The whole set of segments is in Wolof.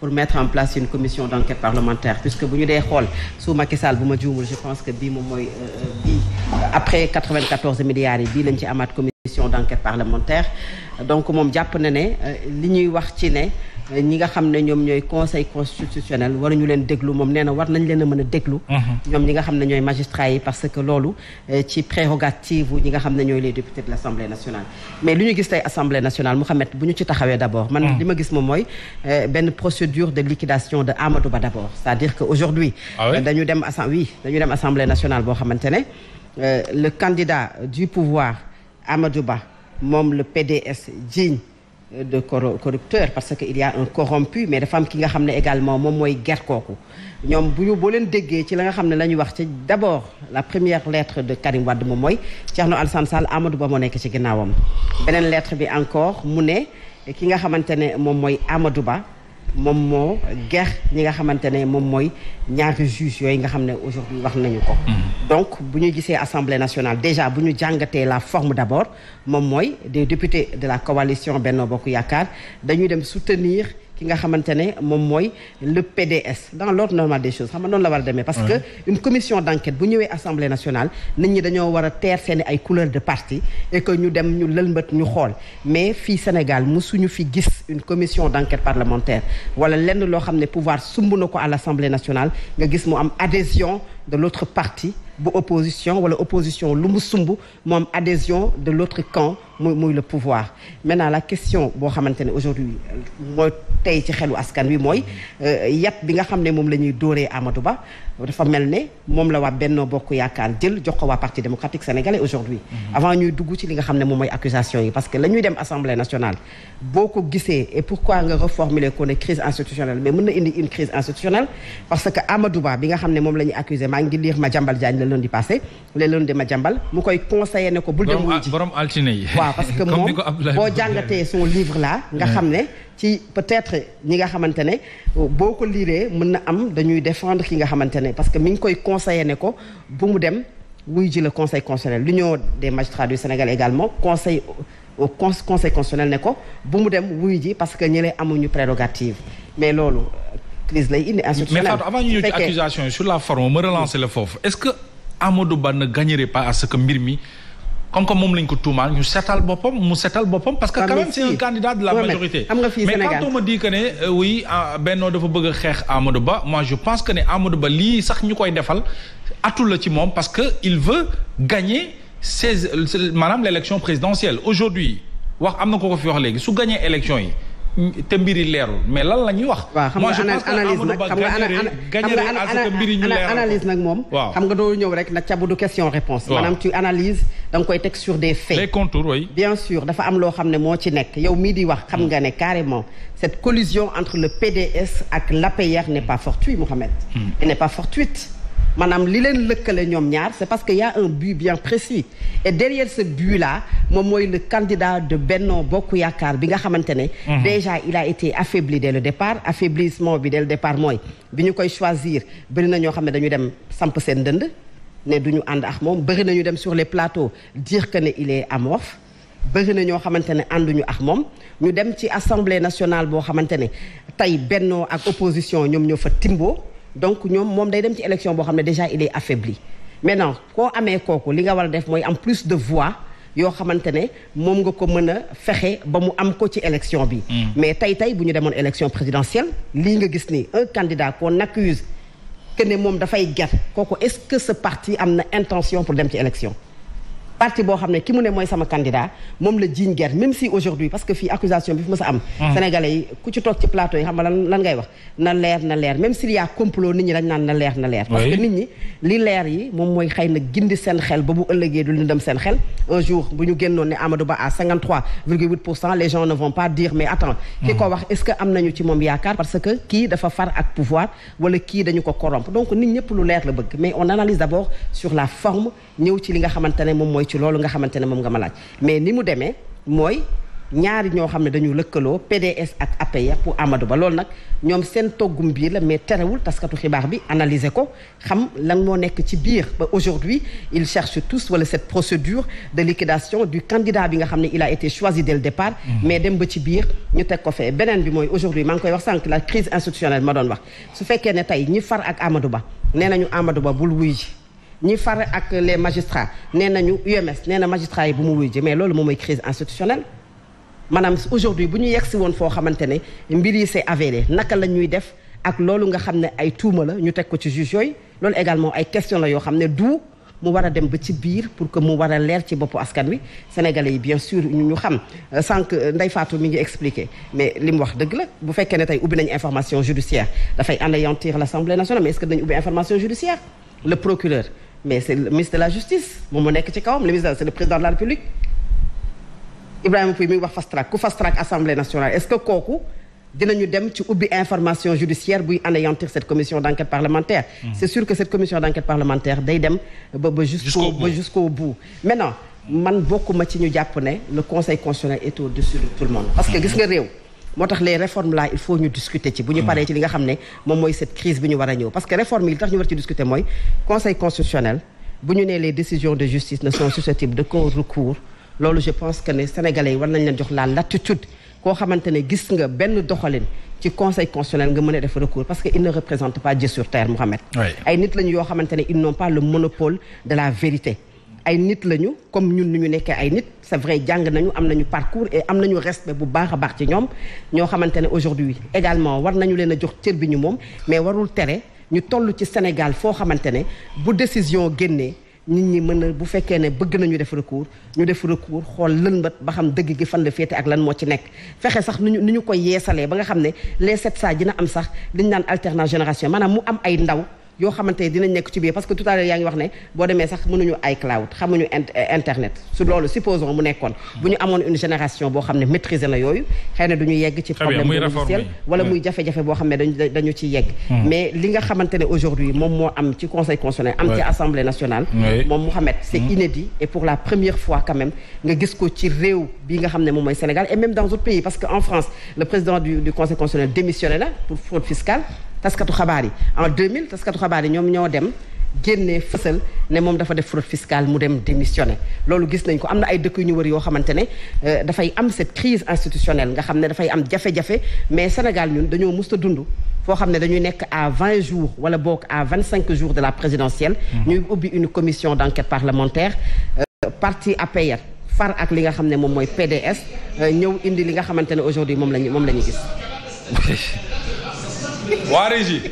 pour mettre en place une commission d'enquête parlementaire puisque bu ñu dee xool su Macky Sall bu ma juumul je pense que bii moom mooy euh, bii après 94 milliards yi bii lañ ci amaat commission d'enquête parlementaire donc moom jàpp na ne euh, li ñuy wax ci ne ñi nga xam ne ñoom ñooy conseil constitutionnel ñu leen déglu moom nee na war nañ leen a mën a déglu mhm. ñoom ñi nga xam ne ñooy magistrats yi parce que loolu euh, ci prérogative ñi nga xam ne ñooy les députés de l' assemblée nationale mais lu ñu gis tey assemblée nationale Mouhamed bu ñu ci taxawee d' abord man mhm. li ma gis moom mooy euh, benn procédure de liquidation de Amadou Ba d' c'est à dire que aujourd'hui ah dañu dem assa oui dañu dem assemblée nationale boo xamante ne euh, le candidat du pouvoir Amadou Ba moom le PDS jiiñ de corrupteur parce que il y a un corrompu mais dafa am ki nga xam ne également moom mooy ger kooku ñoom bu ñu boo leen déggee ci la nga xam ne la ñu wax ci d'abord la première lettre de Karim Wade moom mooy Thierno Alassane Sall Amadou Ba moo nekk ci ginnaawam beneen lettre bi encore mu ne ki nga xamante ne moom mooy amadouba moom moo ger ñi nga xamante ne moom mooy ñaari juge yooyu nga xam ne aujourd'hui wax nañu ko mm. donc bu ñu gisee assemblée nationale déjà bu ñu jàngatee la forme d'abord moom mooy de députés de la coalition Benno Bokk Yaakaar dañuy dem soutenir ki nga xamante ne moom mooy le PDS dans l'ordre normal des choses xam nga noonu la war a demee parce que une commission d'enquête bu ñëwee assemblée nationale nit ñi dañoo war a teer seeni ay couleur de parti et que ñu dem ñu lëlmbët ñu xool mais fii Sénégal suñu fi gis une commission d'enquête parlementaire wala lenn loo xam ne pouvoir sumb na ko à l'assemblée nationale nga gis mu am adhésion de l'autre parti bu opposition wala opposition lu mu sumb mu am adhésion de l'autre muy muy le pouvoir maintenant la question boo xamante ne aujourd'hui mooy tey ci xelu askan wi mooy euh, yat bi nga xam ne moom la ñuy dóoree Amadou Ba dafa mel ne moom la waa mhm. ci li nga xam ne moom mooy accusation yi parce que la ñuy dem Assemblée nationale boo ko gisee et pourquoi nga reformuler ko ne crise institutionnelle mais mën na indi une crise institutionnelle parce que Amadou bi nga xam ne moom la ñuy maa ngi liir Madiambal Diagne le lundi passé le lundi ko bul dem waa parce que moom boo jàngatee son livre là nga xam ne ci peut-être ñi nga xamante ne boo ko liiree mën na am dañuy défendre ki nga xamante ne parce que mi ngi koy conseiller ne ko bu mu dem wuy ji la conseil constitutionnel l'union des magistrats du Sénégal également conseil au conseil constitutionnel ne ko bu mu dem wuy ji parce que ñële amuñu prérogative mais loolu euh, crise lay indi institutionnel mais Fatou avant ñu ñëw ci accusation sur la forme ma relancer la foofu est-ce que Amadou Ba ne gagnerait pas à ce que mbir mi comme que moom lañ ko tuumaal ñu setal boppam mu setal boppam. parce que quand même c'est un candidat de la majorité. mais quand on me dit ne euh, oui ah, Benno dafa bëgg a xeex Amadou Ba moi je pense que ne Amadou Ba lii sax ñu koy defal atul la ci moom parce que il veut gagner ses euh, maanaam l'élection présidentielle aujourd'hui wax am na ko ko fi wax léegi su gagner élection yi. te mbiri leerul mais lan la ñuy wax. waaw xam nga analyse nag moom. waaw xam nga doo ñëw rek na cabu du question réponse maanaam tu analyse da koy teg sur des faits. les contours oui. bien sûr dafa am loo xam ne moo ci nekk yow mii di wax xam nga ne carrément cette collision entre le PDS ak l'APR n'est pas fortuite Mohamed. Hmm. elle n'est pas fortuite. maanaam li leen lëkkale ñoom ñaar c'est parce que y a un but bien précis et derrière ce but là moom mooy le candidat de Benno Bokk Yaakaar bi nga xamante ne mhm. déjà il a été affaibli dès le départ affaiblissement bi dès le départ mooy bi ñu koy choisir bëri na ñoo xam ne dañu dem samp seen dënd ne du ñu ànd ak moom bëri na ñu dem sur le plateau dire que ne il est amorphe bëri na ñoo xamante ne ànduñu ak moom ñu dem ci assemblée nationale boo xamante ne tey bennoo ak opposition ñoom ñoo fa timboo donc ñoom moom day dem ci élection boo xam ne déjà il est mais maintenant koo amee kooku li nga war a def mooy am plus de voix yoo xamante ne moom nga ko mën a fexe ba mu am ko ci élection bi. Mm. mais tey tey bu ñu demoon élection présidentielle lii nga gis ni un candidat qu'on accuse que ne moom dafay ger kooku est-ce que ce parti am na intention pour dem ci élection. parti boo xam ne ki mu ne mooy sama candidat moom la jiiñ guerre même si aujourd'hui parce que fii accusation bi fi ma sa am mm. sénégalais yi ku ci toog ci plateau yi xam na leer leer y a na leer na leer li leer yi moom mooy xëy na gindi seen xel ba bu ëllëgee du lëndëm seen xel un jour bu ñu génnoon ne Amadou Ba à 53 ne vont pas dire mais attends ki mm. ko wax est-ce que am nañu ci moom yaakaar parce que kii dafa far ak pouvoir wala kii dañu ko corrompre donc nit lu leer la bëgg mais on analyse d'abord sur la forme ñëw ci loolu nga xamante ne moom nga ma laaj mais ni mu demee mooy ñaari ñoo xam ne dañu lëkkaloo PDS ak APR pour Amadou Ba loolu nag ñoom seen toggum biir la mais terewul taskatu xibaar bi analyser ko xam lan moo nekk ci biir ba aujourd'hui ils cherchent tous wala cette procédure de liquidation du candidat bi nga xam ne il a été choisi dès départ mmh. mais dem ba ci biir ñu teg ko fee beneen bi mooy aujourd'hui maa ngi koy wax sànq la crise institutionnelle ma doon wax su fekkee ne tey ñi far ak Amadou Ba nee nañu Ba bul wuy ñi far ak les magistrats nee nañu UMS nee na magistrats yi bu mu wuy ji mais loolu moom mooy crise institutionnelle maanaam aujourd'hui bu ñu yegg si woon foo xamante ne mbir yi c'est avéré naka la ñuy def ak loolu nga xam ne ay tuuma la ñu teg ko ci juge yooyu loolu également ay question la yoo xam ne du mu war a dem ba ci biir pour que mu war a leer ci boppu askan wi sénégalais yi bien sûr ñu xam euh, sànq euh, Ndeye Fatou mi ngi expliqué mais li mu wax dëgg la bu fekkee ne tey ubbi nañu information judiciaire dafay anéantir l'Assemblée nationale mais est-ce que mais c'est le ministre de la justice moom moo nekk ci kawam le ministre c'est le président de la république Ibrahima Pouye mi wax fast track ku fast track assemblée nationale est-ce que kooku dinañu dem ci ubbi information judiciaire buy anéantir cette commission d'enquête parlementaire hmm. c'est sûr que cette commission d'enquête parlementaire day dem ba ba jusqu'au ba jusqu'au bout man bokkuma ci ñu jàpp ne le conseil constitutionnel est au-dessus de tout le parce que hmm. gis nga réew moo tax les réformes là il faut ñu discuter ci bu ñu paree ci li nga xam ne moom mooy cette crise bi ñu war a ñëw parce que réforme yi li tax ñu war ci discuter mooy conseil constitutionnel bu ñu nee les décisions de justice ne sont susceptibles de qu'un recours loolu je pense que ne sénégalais yi war nañ leen jox la latitude koo xamante ne gis nga benn doxalin ci conseil constitutionnel nga mën a def recours parce que il ne représente pas Dieu sur terre Mohamed ay nit lañu yoo xamante ne ay nit lañu comme ñun ni ñu nekkee ay nit c'est vrai jàng nañu am nañu parcours et am nañu respect bu baax a baax ci ñoom ñoo xamante ne aujourd'hui également war nañu leen a jox cër bi ñu moom mais warul tere ñu toll ci Sénégal foo xamante ne bu décision génnee nit ñi mën na bu fekkee ne bëgg nañu def recours ñu def recours xool lënbat ba xam dëgg gi fan la féete ak lan moo ci nekk fexe sax nu ñu nu ñu koy yeesalee ba nga xam ne les sept saa dina sax liñ naan alternance génération maanaam mu am ay ndaw yoo xamante ne dinañ nekk ci biir parce que tout à l'heure yaa ngi wax ne boo demee sax mënuñu ay cloud xamuñu euh, internet su loolu supposons mu nekkoon bu ñu amoon une génération boo xam ne maîtriser na yooyu xëy na duñu yegg ci problème de logiciel wala muy jafe-jafe boo xam ne dañu dañu ci yegg hmm. mais li nga xamante ne aujourd'hui moom moo am ci conseil constitutionnel am ci assemblée nationale moom Mouhamed c'est hmm. inédit et pour la première fois quand nga gis ko ci réew bi nga xam ne moom mooy Sénégal et même dans d'autres pays parce que en France le président taskatu xabaar yi en 2000 taskatu xabaar yi ñoom ñoo dem génnee fësal ne moom dafa def fraude fiscale mu dem démissionné loolu gis nañ ko am na ay dëkk yu ñu wër yoo xamante ne euh, dafay am cette crise institutionnelle nga xam ne dafay am jafe-jafe mais Sénégal ñun dañoo mus a dund foo xam ne dañuy nekk à 20 jours wala boog à 25 jours de la présidentielle mhm. ñuy ubbi une commission d' enquête parlementaire euh, parti APR far ak li nga xam ne moom mooy PDS euh, ñëw indi li nga xamante ne aujourd'hui moom lañu moom la ñu gis waa régie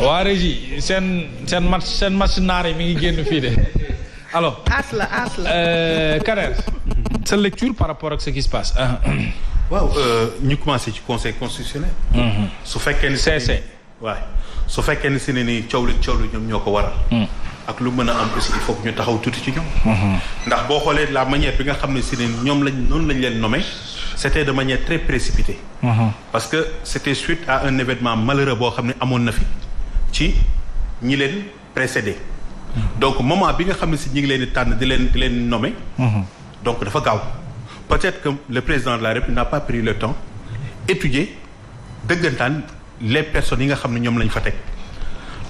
waa régie seen seen match seen match naar yi mi ngi génn fii de alors. as la as la. Euh, sa lecture par rapport ak ce qui se passe. Ah. waaw euh, ñu commencé ci conseil constitutionnel. Mhm. su fekkee ni. CC waaw su fekkee ni si ne nii coow li coow li ñoom ñoo ko waral. Mhm. ak lu mën a am aussi il faut ñu taxaw tuuti ci ñoom. Mhm. ndax boo xoolee la manière bi nga xam ne si ne ñoom lañ noonu lañ leen nommé. c'était de manière très précipitée. parce que c'était suite à un événement malheureux boo xam ne amoon na fi ci ñi leen précédé. donc moment bi nga xam ne si ñi ngi leen di tànn di leen di leen nommer. donc dafa gaaw peut-être que le président de la République n'a pas pris le temps étudier dëggantaan les personnes yi nga xam ne ñoom lañ fa teg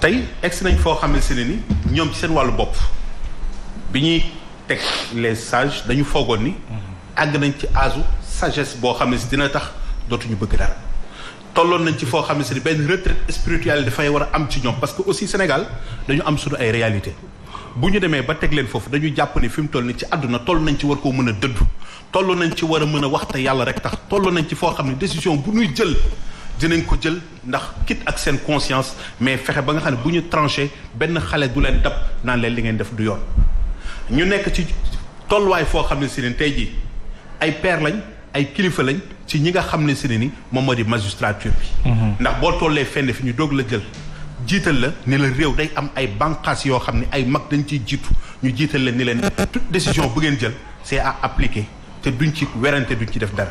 tey egsi nañ foo xam si ne ni ñoom ci seen wàllu bopp bi ñuy teg les sages dañu foogoon ni àgg nañ ci aasu sagesse boo xam ne si dina tax dootuñu bëgg dara tolloon nañ ci foo xam ne si benn retraite spirituelle dafay war a am ci ñoom parce que aussi Sénégal dañu am suñu ay réalité bu ñu demee ba teg leen foofu dañu jàpp ne fi mu toll ni ci àdduna toll nañ ci war koo mën a dëddu toll nañ ci war a mën a wax te yàlla rek tax toll nañ ci foo xam ne décision bu ñuy jël dinañ ko jël ndax quitte ak seen conscience mais fexe ba nga xam ne bu ñu tranché benn xale du leen dab naan leen li ngeen du yoon ñu nekk ci tolluwaay foo xam ne si tey jii ay père lañ ay kilifa lañ ci ñi nga xam ne si ne ni moom moo di magistrature bi. Mhm. ndax boo tollee fenn fi ñu doog la jël. jiital la ne la réew day am ay bànqaas yoo xam ne ay mag dañ ciy jiitu ñu jiital la ni leen toute décision bu ngeen jël c'est à appliquer te duñ ci werante duñ ci def dara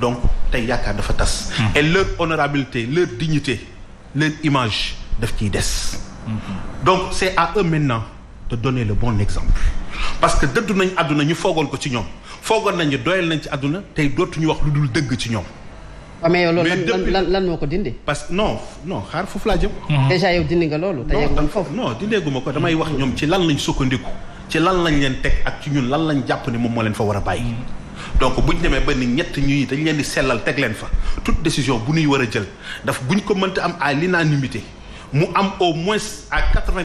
donc tey yaakaar dafa tas. Mhm. et leur honorabilité leur dignité leur image daf ciy des. Mhm. donc c'est à eux maintenant de donner bon exemple parce que dëddu nañ àdduna ñu foogoon ko ci ñoom. foogoon nañu doyal nañ ci àdduna tey ñu wax lu dul dëgg ci ñoom. Ah, mais yow loolu lan lan lan moo ko dindi. parce que non non xaar foofu laa jëm. Mhm. déjà yow dindi nga loolu. te foofu non dindeeguma ko damay wax ñoom ci lan lañ sukkandiku. ci lan lañ leen teg ak ci ñun lan lañ jàpp ne moom moo leen fa war a bàyyi. Mhm. donc ñu demee ba ni ñett ñuy dañ leen di sellal teg leen fa toute décision bu nuy war a jël daf buñ ko mënta am à l'unanimité mu am au moins à quatre-vingts